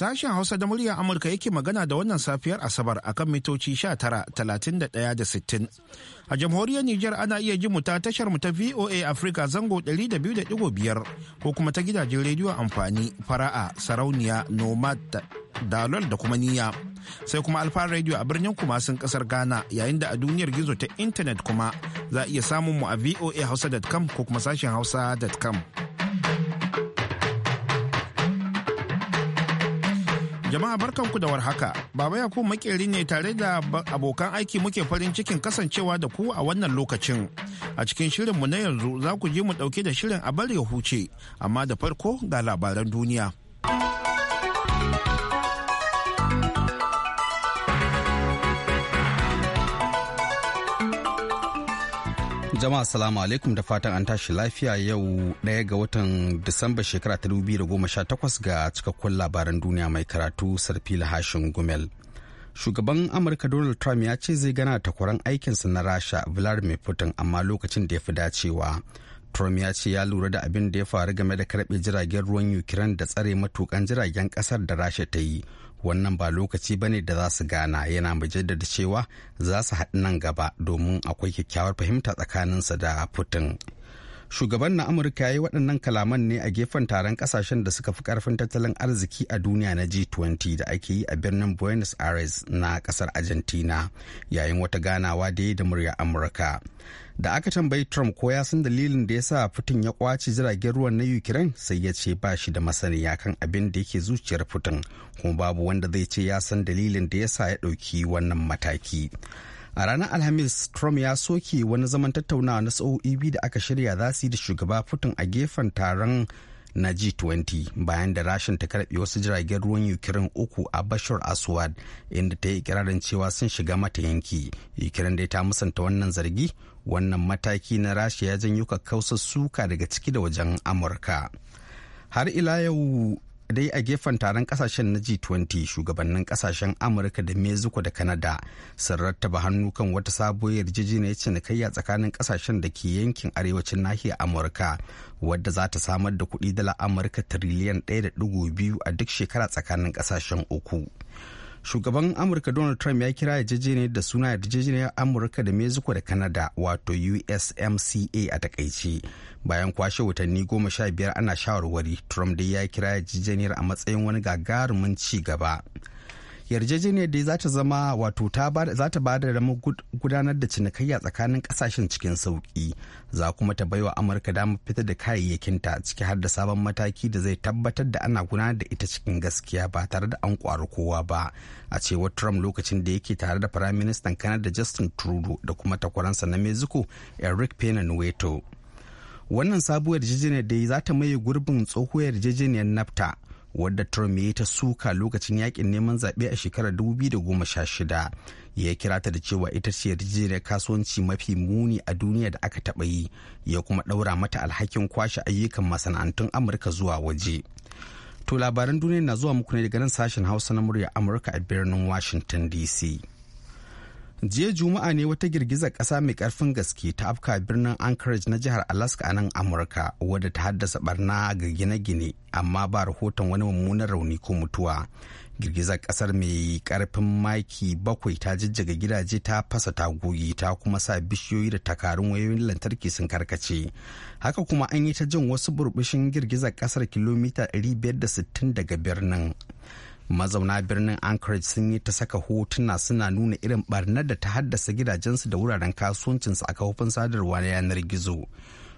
Sashen Hausa da muryar Amurka yake magana da wannan safiyar Asabar a kan mitoci talatin da sittin A jamhuriyar Nijar ana iya ji mu ta tashar mu ta VOA Africa zango 200.5 ko kuma ta gidajen rediyo amfani fara'a sarauniya nomad dalol da kuma niyya. Sai kuma alfa rediyo a birnin kumasin kasar Ghana yayin da a duniyar gizo ta intanet kuma za a iya samun mu a voa voahausa.com ko kuma sashen hausa.com. Jama'a barkanku da warhaka. Baba Yakubu makeri ne tare da abokan aiki muke farin cikin kasancewa da ku a wannan lokacin. A cikin shirin mu na yanzu za ku ji mu dauke da shirin a bari ya huce, amma da farko ga labaran duniya. Jama'a salamu alaikum da fatan an tashi lafiya yau ɗaya ga watan Disamba shekara ta 2018 ga cikakkun labaran duniya mai karatu Sarfila Hashin Gumel. Shugaban Amurka Donald Trump ya ce zai gana takwaran aikinsa na Rasha Vladimir Putin amma lokacin da ya fi dacewa. Trump ya ce ya lura da abin da ya faru game da karbe jiragen ruwan Ukraine da tsare matukan jiragen kasar da Rasha ta yi wannan ba lokaci bane da za su gana yana mai jaddada cewa za su haɗu nan gaba domin akwai kyakkyawar fahimta tsakaninsa da putin shugaban na amurka ya yi waɗannan kalaman ne a gefen taron ƙasashen da suka fi ƙarfin tattalin arziki a duniya na g20 da ake yi a birnin buenos aires na ƙasar argentina yayin wata ganawa da ya da murya amurka da aka tambayi trump ko ya san dalilin da ya sa putin ya kwace jiragen ruwan na ukraine sai ya ce ba shi da masaniya kan abin da yake zuciyar putin kuma babu wanda zai ce ya san dalilin da ya sa ya ɗauki wannan mataki a ranar alhamis trump ya soke wani zaman tattaunawa na sa'o'i biyu da aka shirya za su yi da shugaba putin a gefen taron na g20 bayan da rashin ta karbe wasu jiragen ruwan ukraine uku a bashar aswad inda ta yi ikirarin cewa sun shiga mata yanki ukraine dai ta musanta wannan zargi wannan mataki na rasha ya janyo kakkausar suka daga ciki da wajen amurka har ila yau dai a gefen taron kasashen na G20 shugabannin kasashen Amurka da Mexico da Canada sun rattaba hannu kan wata sabuwar yarjejeniyar cinikayya tsakanin kasashen da ke yankin arewacin nahiyar Amurka wadda za ta samar da kuɗi dala Amurka tiriliyan 1.2 a duk shekara tsakanin kasashen uku. shugaban amurka donald trump ya kira yarjejeniyar da suna yarjejeniyar amurka da mexico da canada wato usmca a takaice bayan kwashe watanni goma sha biyar ana shawarwari trump dai ya kira yarjejeniyar a matsayin wani gagarumin ci gaba yarjejeniyar dai za ta zama wato za ta ba da ramar gudanar da cinikayya tsakanin kasashen cikin sauki za kuma ta baiwa amurka damar fitar da kayayyakinta ciki har da sabon mataki da zai tabbatar da ana gudanar da ita cikin gaskiya ba tare da an kwari kowa ba a cewar trump lokacin da yake tare da firaministan kanada justin trudeau da kuma takwaransa na mexico eric pena nueto wannan sabuwar yarjejeniyar dai za ta maye gurbin tsohuwar yarjejeniyar nafta wadda Trump ya yi ta suka lokacin yakin neman zaɓe a shekarar 2016 ya kira ta da cewa ita ce yarjejeniyar kasuwanci mafi muni a duniya da aka taɓa yi ya kuma ɗaura mata alhakin kwashe ayyukan masana'antun Amurka zuwa waje. To labaran duniya na zuwa muku ne daga nan sashen Hausa na murya Amurka a birnin Washington DC. jiya juma'a ne wata girgizar ƙasa mai karfin gaske ta afka birnin anchorage na jihar alaska a nan amurka wadda ta haddasa barna ga gine-gine amma ba rahoton wani mummunan rauni ko mutuwa girgizar ƙasar mai karfin maki bakwai ta jijjiga gidaje ta fasa tagogi ta kuma sa bishiyoyi da takarun wayoyin lantarki sun karkace haka kuma an yi ta jin wasu burbushin girgizar ƙasar kilomita 560 daga birnin mazauna birnin anchorage sun yi ta saka hotuna suna nuna irin barnar da ta haddasa gidajensu da wuraren kasuwancinsu a kafofin sadarwa na yanar gizo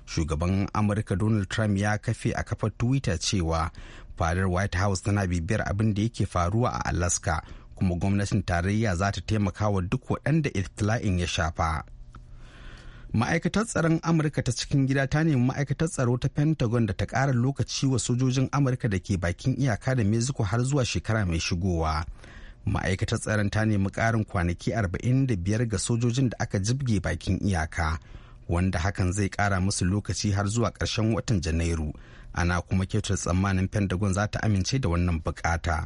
shugaban amurka donald trump ya kafe a kafar twitter cewa fadar white house tana bibiyar abin da yake faruwa a alaska kuma gwamnatin tarayya za ta taimaka wa duk waɗanda ya shafa ma'aikatar tsaron amurka ta cikin gida ta nemi ma'aikatar tsaro ta pentagon da ta ƙara lokaci wa sojojin amurka da ke bakin iyaka da mexico har zuwa shekara mai shigowa ma'aikatar tsaron ta nemi ƙarin kwanaki 45 ga sojojin da aka jibge bakin iyaka wanda hakan zai ƙara musu lokaci har zuwa ƙarshen watan janairu ana kuma kyautar tsammanin pentagon za ta amince da wannan bukata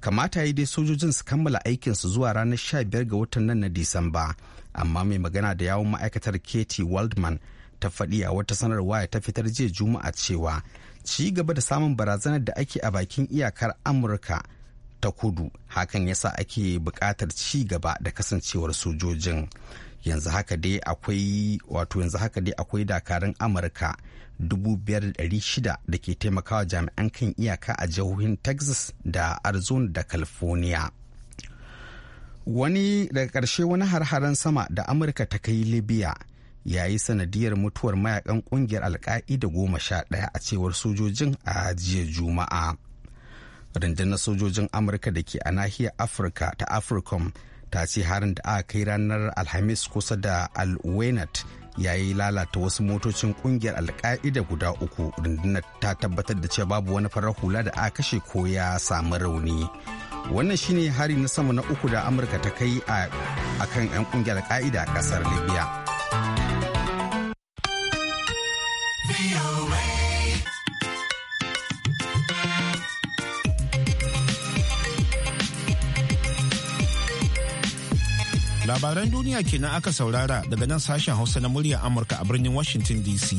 kamata yi dai sojojin su kammala aikinsu zuwa ranar 15 ga watan nan na disamba amma mai magana da yawun ma'aikatar katie waldman ta faɗi a wata sanarwa ya ta fitar jiya juma'a cewa ci gaba da samun barazanar da ake a bakin iyakar amurka ta kudu hakan yasa ake buƙatar ci gaba da kasancewar sojojin yanzu haka dai akwai wato yanzu haka dai akwai dakarun amurka 5,600 da ke taimakawa jami'an kan iyaka a jihohin texas da arizona da california wani daga ƙarshe wani har-haren sama da amurka ta kai libya ya yi sanadiyar mutuwar mayakan ƙungiyar alka'ida goma sha ɗaya a cewar sojojin a jiya juma'a rundunar sojojin amurka da ke a nahiyar afirka ta africom ta ce harin da aka kai ranar alhamis kusa da al ya yi lalata wasu motocin kungiyar alka'ida guda uku rundunar ta tabbatar da cewa babu wani farar hula da aka kashe ko ya samu rauni wannan shine hari na sama na uku da amurka ta kai a kan 'yan kungiyar ka'ida a kasar libya labaran duniya kenan aka saurara daga nan sashen hausa na muryar amurka a birnin washington dc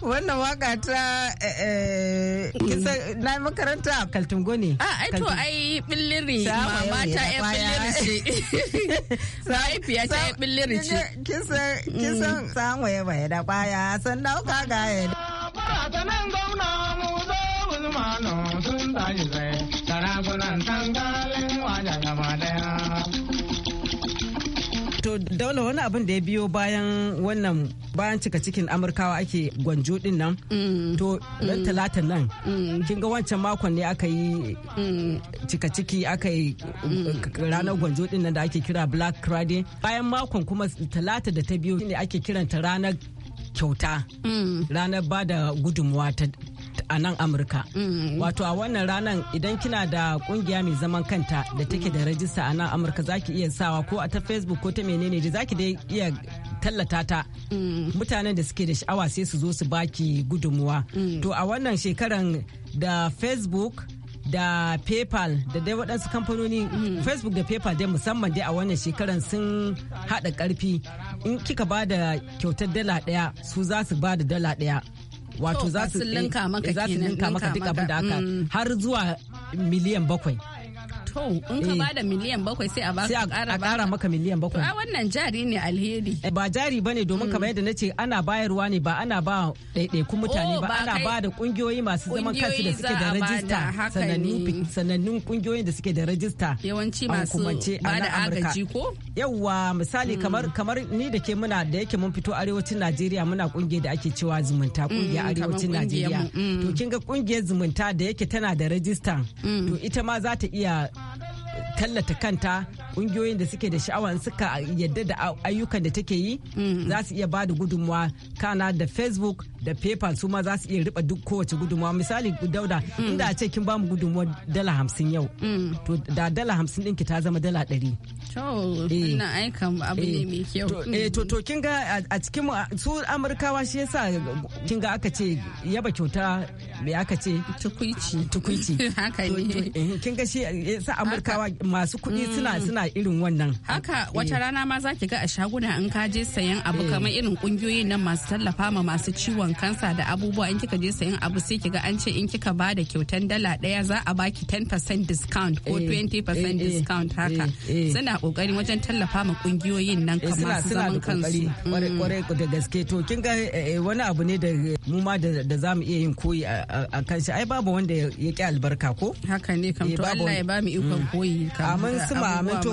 wannan waka ta eh, eh, kisa na makaranta kaltungo ne a ah, ai to ai billiri mama ta ai billiri ce mahaifiya ta ai billiri ce kisa samu mm. ya bai da baya san dauka ga ya Daga nan gwamna mu zo Usmanu sun tashi tsaye, sarakunan tangalin wajen gaba daya. to daula wani abin da ya biyo bayan wannan bayan cika cikin amurkawa ake gwanjo din nan mm. to ɗan mm. talata nan mm. kin ga wancan makon ne aka yi cika ciki aka yi uh, ranar gwanjo din nan da ake kira black friday bayan makon kuma talata da ta biyo ne ake kiranta ranar kyauta mm. ranar ba da gudunmuwa a nan amurka mm. wato a wannan ranar idan kina da kungiya mai zaman kanta da take da rajista a nan amurka zaki iya sawa ko a ta facebook ko ta menene da zaki dai iya tallata ta mm. mutanen da suke da sha'awa sai su zo su baki gudunmuwa to a wannan shekaran da facebook da paypal da dai waɗansu kamfanoni facebook da paypal dai musamman dai a wannan shekaran sun haɗa ƙarfi in kika ba da kyautar dala ɗaya su za su ba da dala ɗaya wato za su eh, linka maka duka abin da aka mm. har zuwa miliyan bakwai to in ka eh. bada miliyan bakwai sai a ba sai a kara maka miliyan bakwai to a wannan jari ne alheri eh, ba jari bane domin mm. kamar yadda nace ana bayarwa ne ba ana ba ɗaiɗaikun mutane oh, ba ana ba da ƙungiyoyi masu zaman kansu da suke da rajista sanannun ƙungiyoyin da suke da rajista yawanci masu ba da agaji ko yawwa misali mm. kamar kamar ni da ke muna da yake mun fito arewacin Najeriya muna kungiyar da ake cewa zumunta kungiyar mm, arewacin Najeriya to kin ga kungiyar zumunta da yake tana da rajista to ita ma za ta iya tallata kanta kungiyoyin da suke da sha'awa suka yadda da ayyukan da take yi mm. za su iya ba da gudunmuwa kana da facebook da paypal su ma za su iya riba duk kowace gudunmawa misali dauda mm. inda a ce kin bamu gudunmawa dala hamsin yau mm. to da dala hamsin ɗinki ta zama dala ɗari. to eh. na aikan abu ne mai eh. kyau eh, to to kin ga a cikin su amurkawa shi yasa kin ga aka ce yaba kyauta me aka ce tukuici tukuici haka ne kin ga shi yasa amurkawa masu kuɗi mm. suna suna irin wannan haka wata rana ma za ki ga a shaguna in ka je sayan abu kamar irin ƙungiyoyi nan masu tallafa ma masu ciwon ciwon kansa da abubuwa in kika je sayan abu sai kiga an ce in kika ba da kyautan dala ɗaya za a baki 10% discount ko 20% eh, eh, eh, discount haka suna kokari wajen tallafa ma kungiyoyin nan kamar su zaman kansu kwarai mm. da gaske to kin ga wani abu ne da mu ma da za mu iya yin koyi a kan shi ai babu wanda ya ki albarka ko haka ne kam to Allah ya ba mu ikon mm. koyi amin su ma amin to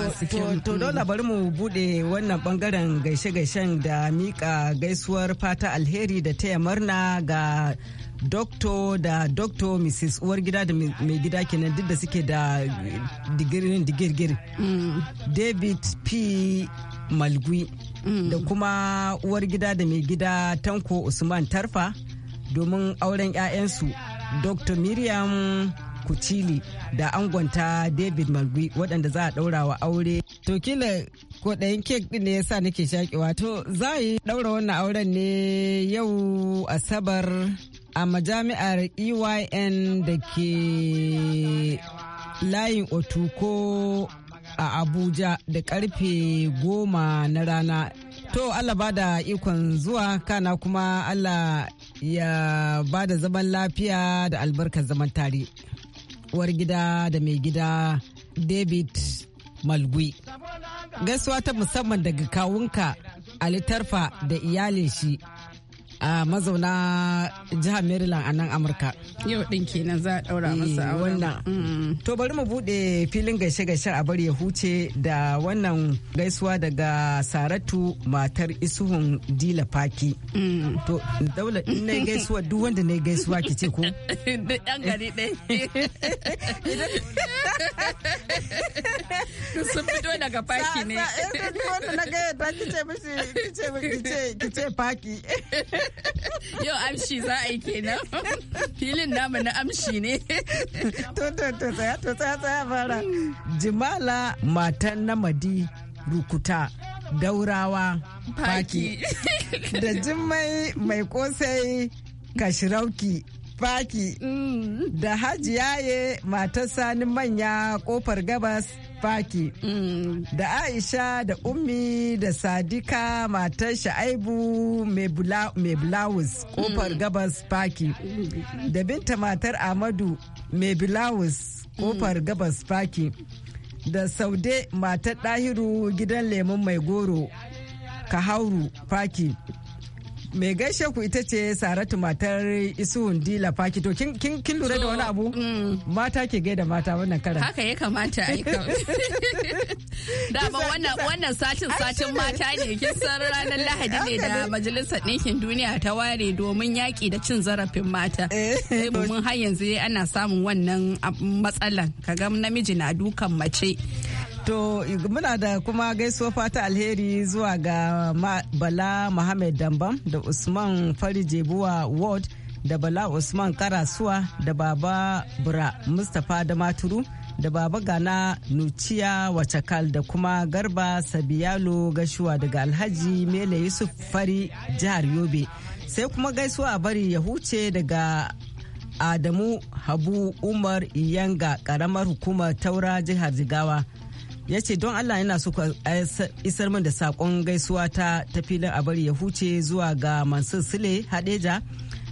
mm. dole bari mu bude wannan bangaren gaishe-gaishen da mika gaisuwar fata alheri da taya murna ga doctor da doctor mrs uwar gida da mai gida kenan duk da suke da digirin digirgir mm. david p malgui mm. da kuma uwar gida da mai gida tanko usman tarfa domin auren 'ya'yansu dr miriam kucili da angonta david malgui waɗanda za a ɗaura wa aure to ko ɗayan kek ɗin ne ya sa nake shaƙi to za yi ɗaura wannan auren ne yau asabar a majami'ar EYN da ke layin otuko a Abuja da karfe goma na rana To Allah ba da ikon zuwa kana kuma Allah ya ba da zaman lafiya da albarkar zaman tare. war gida da mai gida David Malgui. Gaisuwa ta musamman daga kawunka alitarfa littarfa da iyalin shi a mazauna jihar maryland a nan amurka yau din kenan za a daura eh, masa wannan mm. to bari mu buɗe filin gaishe-gaishe a bari ya huce da wannan gaisuwa daga saratu matar isuhun dila faki mm. to daula in na gaisuwa duk wanda na gaisuwa ki ce ko yan gari sun fito daga faki ne eh, na sa'a ta kice kice faki Yau amshi za a yi kenan. Filin namu na amshi ne. To to to tsaya to tsaya tsaya fara. Jimala matan namadi rukuta daurawa faki da jimmai mai kosai kashirauki faki mm. da hajiyaye matar sani manya kofar gabas Faki mm. da Aisha da Ummi da Sadika matar Sha'aibu mai bulawus kofar mm. gabas Faki da binta matar Amadu mai bulawus kofar mm. gabas Faki da Saude matar Dahiru gidan lemun mai goro Kahauru Faki. mai gaishe ku ita ce saratu matar isuhun dila faki to kin lura da wani abu mm. mata ke gaida mata wannan karan haka ya kamata kama dama wannan wannan satin satin mata ne kin san ranar lahadi ne da majalisar ɗinkin duniya ta ware domin yaƙi da cin zarafin mata eh. mun har yanzu ana samun wannan matsalan kaga namiji na dukan mace To muna da kuma gaisuwa fata alheri zuwa ga Bala Muhammad Dambam da Usman fari Farijebuwa Ward da Bala Usman Karasuwa da Baba Bura Mustapha da da Baba Gana Nuciya Wacakal da kuma Garba Sabiyalo Gashuwa daga Alhaji Mele Yusuf Fari jihar Yobe. Sai kuma gaisuwa bari ya huce daga Adamu Habu Umar Iyanga ƙaramar hukumar Taura jihar Jigawa. ya ce don allah yana so isar min da sakon gaisuwa ta tafilin a bari ya huce zuwa ga mansur sule hadeja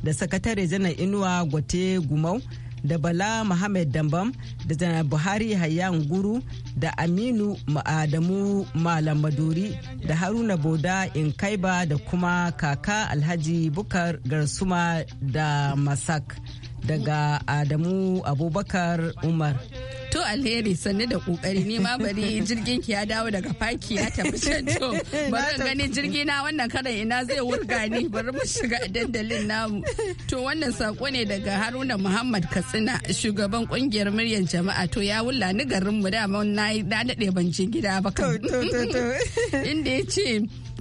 da sakatare janar inuwa gwate gumau da bala muhammad dambam da janar buhari hayyan guru da aminu ma'adamu malam maduri da haruna boda in inkaiba da kuma kaka alhaji bukar garsuma da masak daga adamu abubakar umar to alheri sannu da kokari ni ma bari jirgin ki ya dawo daga faki ya tafi can to bari gani jirgi na wannan karan ina zai wurga ni bari mu shiga dandalin namu to wannan sako ne daga Haruna Muhammad Katsina shugaban kungiyar muryar jama'a to ya wulla ni garin mu dama na dade ban je gida ba kan inda yace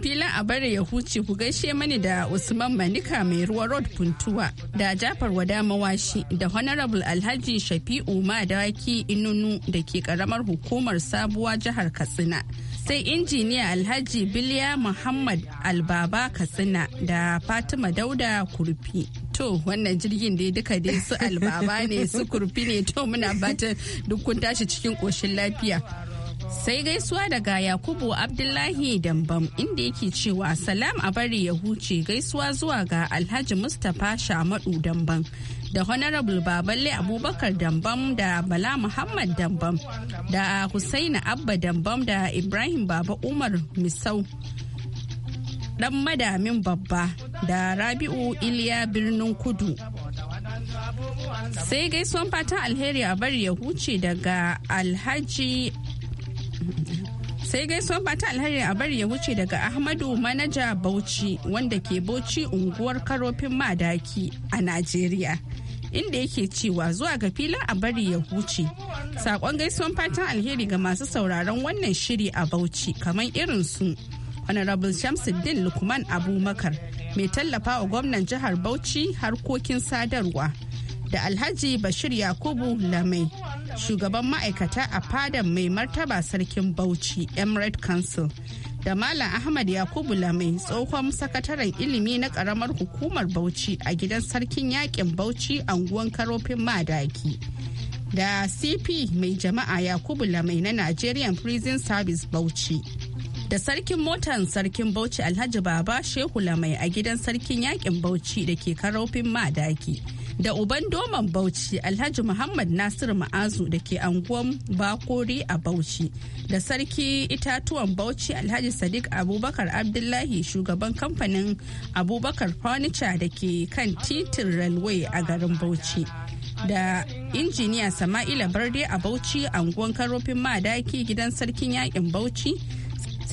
filin a bari ya huce ku gaishe mani da usman manika mai ruwa road puntuwa da jafar wada mawashi da honorable alhaji shafi'u madawaki inunu da ke karamar hukumar sabuwa jihar katsina sai injiniya alhaji biliya muhammad albaba katsina da fatima dauda kurfi to wannan jirgin dai duka dai su albaba ne su kurfi ne to muna fatan duk kun tashi cikin koshin lafiya sai gaisuwa daga yakubu abdullahi dambam inda yake cewa salam a bari ya huce gaisuwa zuwa ga alhaji mustapha shamadu dambam da honorable baballe abubakar dambam da bala muhammad dambam da husaina abba dambam da ibrahim baba umar misau dan madamin babba da rabi'u iliya birnin kudu sai gaisuwan fatan alheri a bari ya huce daga alhaji sai gaisuwar ta alheri a bari ya wuce daga ahmadu manaja bauchi wanda ke bauchi unguwar karofin madaki a najeriya inda yake cewa zuwa ga filin a bari ya huce sakon gaisuwan fatan alheri ga masu sauraron wannan shiri a bauchi kamar irin su honorable shamsuddin lukman abubakar mai tallafa wa gwamnan jihar bauchi harkokin sadarwa da alhaji bashir yakubu lamai shugaban ma'aikata a fadan mai martaba sarkin bauchi emirate council da malam ahmad yakubu lamai tsohon sakataren ilimi na karamar hukumar bauchi a gidan sarkin yakin bauchi anguwan karofin madaki da cp mai jama'a yakubu lamai na nigerian prison service bauchi da sarkin motan sarkin bauchi alhaji baba shehu lamai a gidan sarkin yakin bauchi da ke karofin madaki da uban doman bauchi alhaji muhammad nasiru ma'azu da ke anguwan bakori a bauchi da sarki itatuwan bauchi alhaji sadiq abubakar abdullahi shugaban kamfanin abubakar furniture da ke kan titin railway a garin bauchi da injiniya sama'ila barde a bauchi anguwan karofin madaki gidan sarkin yakin bauchi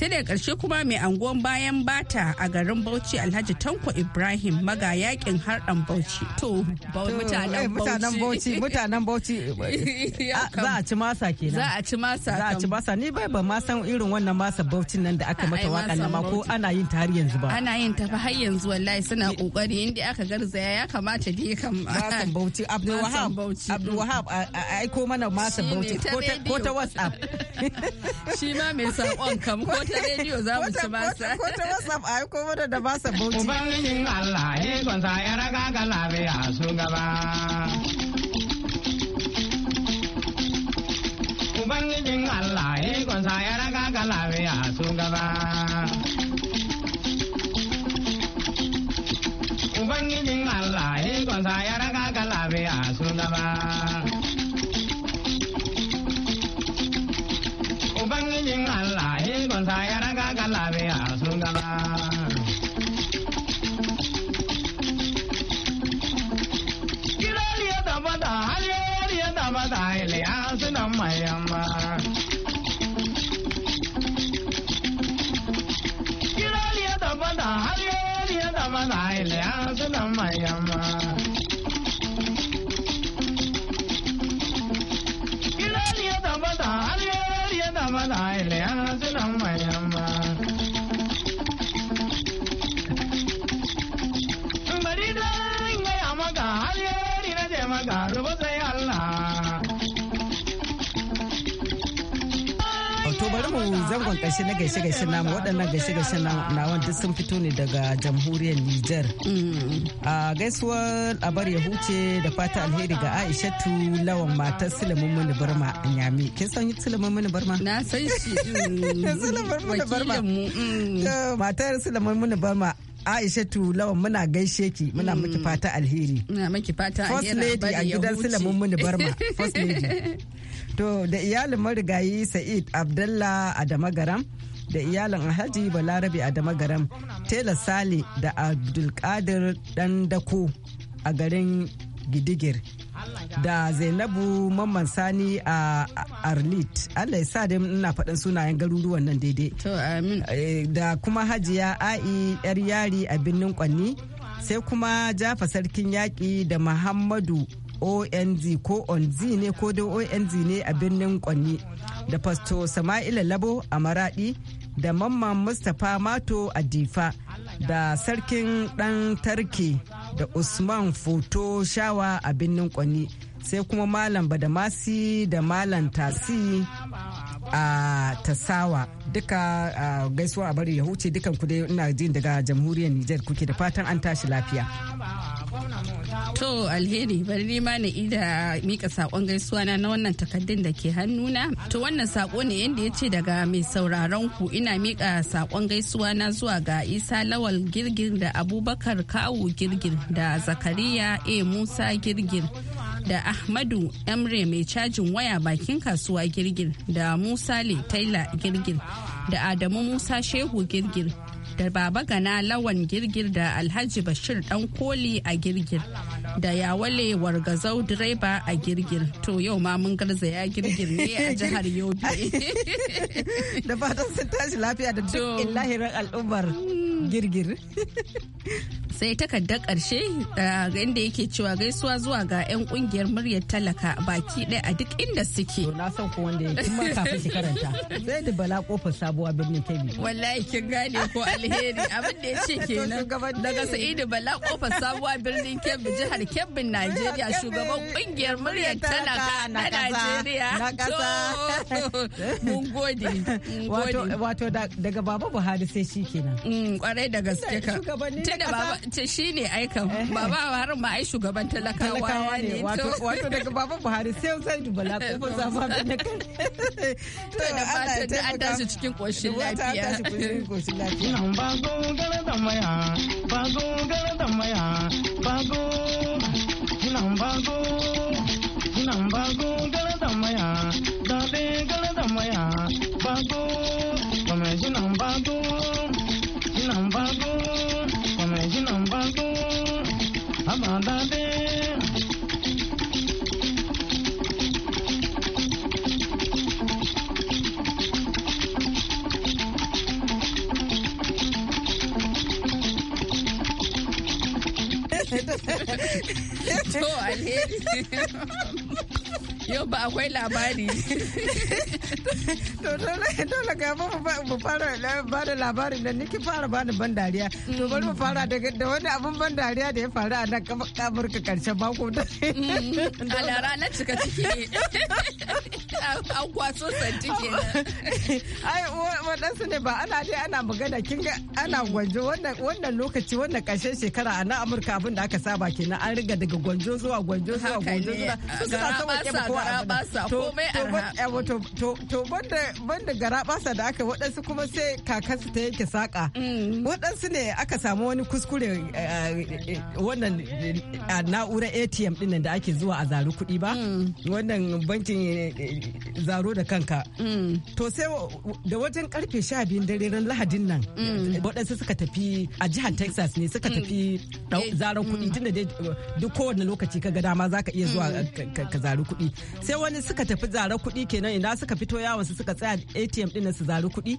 sai daga ƙarshe kuma mai anguwan bayan bata a garin bauchi alhaji tanko ibrahim maga yakin harɗan bauchi to mutanen eh, bauchi mutanen bauchi eh, eh, za a ci masa kenan za a ci masa za a ci masa ni bai ba ma san irin wannan masa bauchin nan da aka mata waka nan ma ko ana yin ta har yanzu ba ana yin ta har yanzu wallahi suna kokari inda aka garzaya ya kamata dai kan masan bauchi abdul wahab abdul wahab aiko mana masa bauchi ko ta whatsapp shi ma mai sakon kam ko ta rediyo za mu ci basa. Ko ta WhatsApp a ko da bauchi. Ubangijin Allah ya gonsa ya raga ga lafiya su gaba. Ubangijin Allah ya gonsa ya raga ga lafiya su gaba. Ubangijin Allah ya gonsa ya raga ga lafiya sometimes. zangon ƙarshe na gaishe-gaishe namu waɗannan gaishe-gaishe nawan duk sun fito ne daga jamhuriyar Nijar. A gaisuwar bar ya huce da fata alheri ga tu lawan matar Sulaiman Mini Barma a Nyami. Kin san Sulaiman Mini Barma? Na san shi. Mm. Sulaiman Mani Barma. Mm. Matar Sulaiman Mini Barma Aishatu lawan muna gaishe ki muna miki mm. fata alheri. Muna miki fata alheri. First lady a gidan Sulaiman Mini Barma. First lady. to da iyalin marigayi sa'id abdallah adama garam da iyalin alhaji balarabe adama garam tela sale da abdulkadir dan dako a garin gidigir da zainabu mamman sani a arlit allah ya sa dai ina faɗin sunayen garuruwan nan daidai eh, da kuma hajiya a'i yar yari a birnin kwanni sai kuma jafa sarkin yaƙi da muhammadu ONZ ko ONZ ne ko da ONZ ne a birnin Kwanni da Pasto Sama'ila Labo a Maradi da Mamman Mustapha Mato a Difa da Sarkin dan Tarki da Usman Foto Shawa a birnin Kwanni sai kuma Malam Badamasi da Malam Tasi a Tasawa duka gaisuwa a bari ya huce dukan ku ina jin daga jamhuriyar Nijar kuke da fatan an tashi lafiya. To alheri bari ni ma na ida mika sakon gaisuwa na wannan takaddun da ke hannuna. To wannan sako ne yadda ya ce daga mai sauraron ku ina mika sakon gaisuwa na zuwa ga Isa Lawal Girgir da Abubakar Kawu Girgir da Zakariya A Musa Girgir. da Ahmadu Emre mai cajin waya bakin kasuwa girgir da Musa Le Taylor girgir da Adamu Musa Shehu girgir da baba gana lawan girgir da alhaji bashir dan koli a girgir da wale wargazau direba a girgir to yau ma mun garzaya girgir ne a jihar yobe da fatan sun tashi lafiya da duk illahirin al'ummar girgir sai takardar ƙarshe eh, inda yake cewa gaisuwa zuwa ga 'yan kungiyar muryar talaka baki ɗaya a duk inda suke. Na san ko wanda ya kuma kafin shi karanta. Sai da bala kofar sabuwa birnin Kebbi. Wallahi kin gane ko alheri abin da ya ce kenan. Daga da bala kofar sabuwa birnin Kebbi jihar Kebbi Najeriya shugaban kungiyar muryar talaka na Najeriya. Na ƙasa. Mun gode. Wato daga Baba Buhari sai shi kenan. Mm, kwarai da gaske ka tunda baba ta shine aikan eh. baba Buhari ma ai shugaban talakawa ne wato daga baba Buhari sai sai dubala ko zafa da ne kai to da fatan da an tashi cikin koshin lafiya ba go gara da maya ba go gara da maya ba go Ina ba go nan ba go gara da maya akwai labari to dole ga mu fara ba da labarin da niki fara ba da ban dariya to bari mu fara da wani abin ban dariya da ya faru a nan amurka karshen mako da mm. a lara na cika ciki an kwaso santi ai waɗansu ne ba ana dai ana magana kin ga ana gwanjo wannan lokaci wannan ƙarshen shekara a na amurka abin da aka saba kenan an riga daga gwanjo zuwa gwanjo zuwa gwanjo zuwa suna sama kema ko abin eh, to to banda banda gara basa da aka waɗansu kuma sai kakansu ta yanke saƙa. Mm. waɗansu ne aka samu wani kuskure eh, eh, wannan na'urar atm ɗin da ake zuwa a zaru kuɗi ba mm. wannan bankin zaro da kanka mm. to sai da wajen karfe sha biyun dare ran lahadin nan mm. waɗansu suka tafi a jihar texas ne suka mm. tafi eh. zaron kuɗi tunda dai duk kowane lokaci ka ga dama zaka iya zuwa ka zari kuɗi sai wani suka tafi zaro kuɗi kenan ina suka fito yawon su suka tsaya atm ɗin su zari kuɗi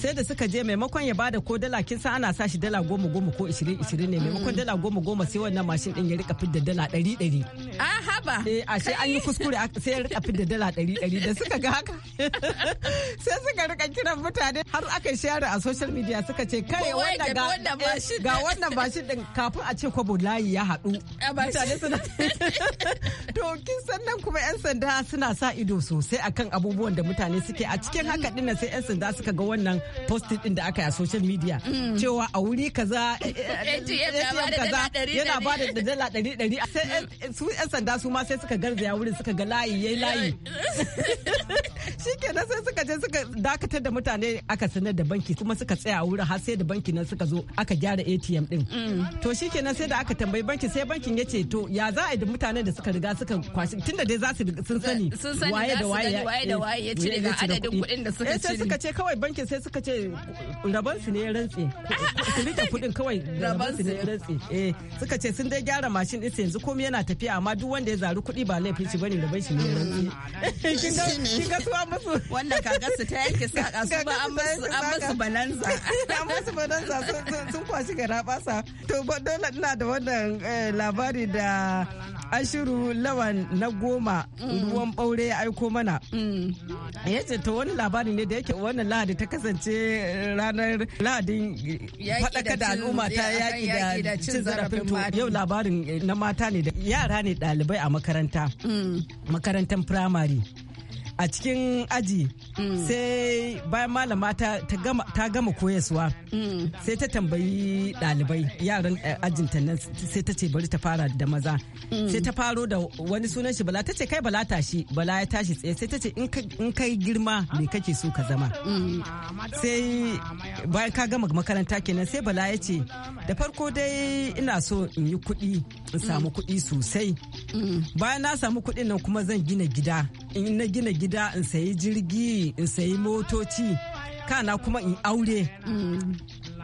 sai da suka je maimakon ya bada ko dala kin san ana sa shi dala goma goma ko ishirin ishirin ne maimakon dala goma goma sai wannan mashin din ya rika fidda dala ɗari ɗari. a ah, haba eh ashe an yi kuskure sai ya rika fidda dala ɗari ɗari da suka ga haka sai suka rika kiran mutane har aka share a social media suka ce kai wannan ga wannan eh, mashin din kafin a ce kwabo layi ya haɗu mutane suna to kin san nan kuma yan sanda suna sa ido sosai akan abubuwan da mutane suke a cikin haka dinnan sai yan sanda suka ga wannan posted din da aka yi a social media mm. cewa a wuri kaza eh, eh, eh, yana ba da dala ɗari ɗari su 'yan sanda su ma sai suka garzaya wurin suka ga layi yayi layi nan sai suka je suka dakatar da mutane aka sanar da banki kuma suka tsaya wurin har sai da banki nan suka zo aka gyara ATM din to shikenan sai da aka tambayi banki sai bankin ya ce to ya za a yi da mutanen da suka riga suka kwashi tunda dai za su sun sani waye da waye ya eh, cire ga adadin kuɗin da suka eh, cire sai suka ce kawai bankin sai suka ce raban su ne ya rantse su rike kuɗin kawai raban su ne ya rantse eh suka ce sun dai gyara mashin din yanzu komai yana tafiya amma duk wanda ya zaru kuɗi ba laifin shi bane raban shi ne ya rantse kin ga kin ga suwa musu wanda kakarsu ta yanke saka su ba an musu balanza an musu balanza sun kwashi gara basa to dole ina da wannan eh, labari da ashiru lawan na goma mm. ruwan ɓaure ya aiko mana mm. ya ce to wani labari ne da yake wannan lahadi ta kasance eh, ranar lahadin eh, faɗaka da al'umma ta yaƙi da cin zarafin to yau labarin na mata ne da yara ne ɗalibai a makaranta mm. makarantar firamare a cikin aji mm. sai bayan malama ta gama koyaswa mm. sai ta tambayi dalibai yaran eh, ajin ta nan sai ta ce bari ta fara da maza mm. sai ta faro da wani sunan shi bala ta ce kai bala tashi bala ya tashi tsaye sai ta ce in kai girma me kake so ka zama sai bayan ka gama makaranta kenan sai bala ya ce da farko dai ina so in yi kuɗi in samu kuɗi sosai bayan na samu kuɗin nan kuma zan gina gida in na gina gida gida in sayi jirgi in sayi motoci kana kuma in aure mm.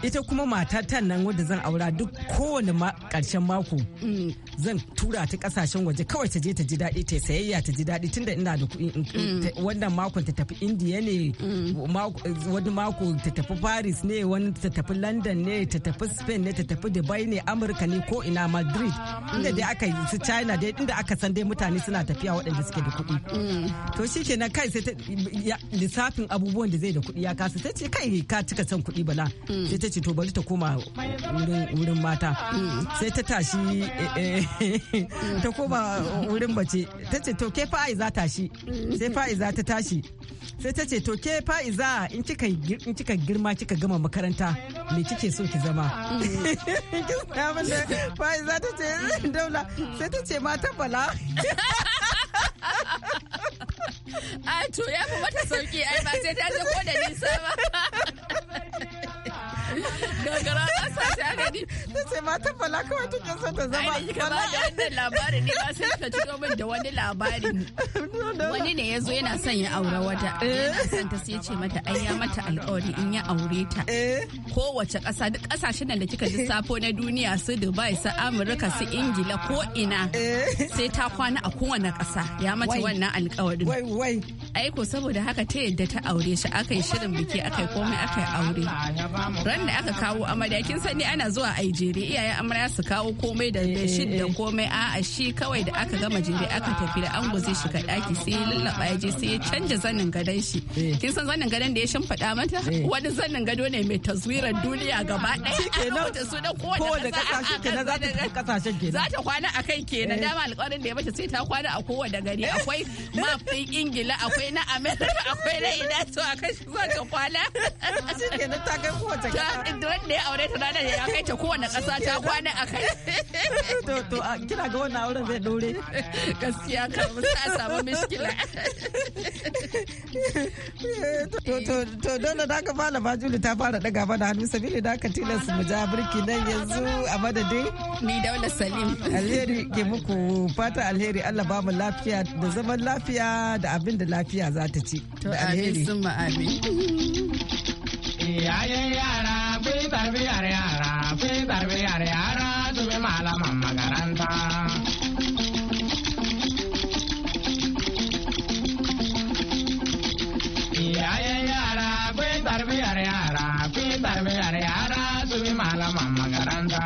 ita kuma mata ta nan wanda zan aura duk kowane karshen mako mm. zan tura ta kasashen waje kawai ta je ta ji daɗi ta sayayya ta ji daɗi tunda ina da kuɗi mm. wannan makon ta tafi indiya ne mm. wani mako ta tafi paris ne wani ta tafi london ne ta tafi spain ne ta tafi dubai ne amurka ne ko ina madrid inda dai aka yi su china dai inda aka san dai mutane suna tafiya waɗanda suke da kuɗi to shi ke kai sai lissafin abubuwan da zai da kuɗi ya kasa ta ce kai ka cika son kuɗi bala sai ce to bari ta koma wurin mata sai ta tashi eh, eh, ta koma wurin bace ta ce to ke fa'iza tashi sai fa'iza ta tashi sai ta ce to ke fa'iza in kika girma kika gama makaranta me kike so ki zama fa'iza ta ce eh, daula sai ta ce mata bala a to ya fi mata sauki ai ba sai ta je ko da nisa ba gagara ba sa sha gani ta ce ta bala kawai take ta zama ai ka ba da wannan labarin ne ba sai ta ciro min da wani labarin wani ne yazo yana son ya aure wata yana son ta sai ce mata ai ya mata alkawari in ya aure ta eh. kowace ƙasa duk ƙasashen da kika lissafo na duniya su Dubai su Amurka su Ingila ko ina eh. sai ta kwana a kowane ƙasa ya mata wannan alƙawarin aiko saboda haka ta yadda ta aure shi aka yi shirin biki aka yi komai aka yi aure ran da aka kawo amarya kin sani ana zuwa a jere iyayen amarya su kawo komai da beshit da komai a'a shi kawai da aka gama jere aka tafi da ango shi shiga daki sai ya lullaba ya je sai ya canja zanin gadon shi eh. kin san zanin gadon da ya shimfaɗa mata eh. wani zanin gado ne mai taswirar duniya gaba ɗaya kenan da su da kowace ƙasa kenan za ta kasashen kenan za ta kwana a kan kenan eh. dama alƙawarin da ya mata sai ta kwana a kowace gari akwai mafi ingila akwai akwai na amerika akwai na ina to a kai kowace kwana shi ke ta kai kowace kasa wanda ya aure ta ranar ya kai ta kowane kasa ta kwana a kai to to kira ga wannan auren zai dore gaskiya ka sa samu miskila to to dole da ka fara ba bajulu ta fara daga ba da hannu sabili da ka tilas mu ja birki nan yanzu a madadin ni daula salim alheri ke muku fata alheri Allah ba mu lafiya da zaman lafiya da abin da lafiya lafiya za ta ci. To amin sun amin. Iyayen eh, yara kuyi tarbiyar yara kuyi tarbiyar yara su bi malaman makaranta. Iyayen eh, yara kuyi tarbiyar yara kuyi tarbiyar yara su bi malaman makaranta.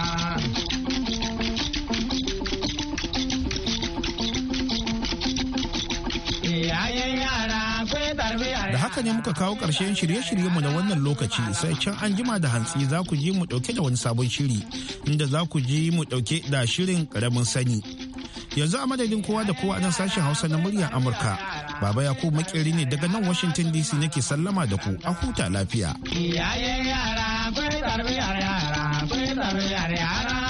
haka ne muka kawo ƙarshen shirye-shiryenmu na wannan lokaci sai can an jima da hantsi za ku ji mu ɗauke da wani sabon shiri inda za ku ji mu ɗauke da shirin ƙaramin sani. Yanzu a madadin kowa da kowa nan sashen Hausa na muryar Amurka. Baba Yakubu makeri ne daga nan Washington DC nake sallama da ku a huta lafiya. yara, yara, yara.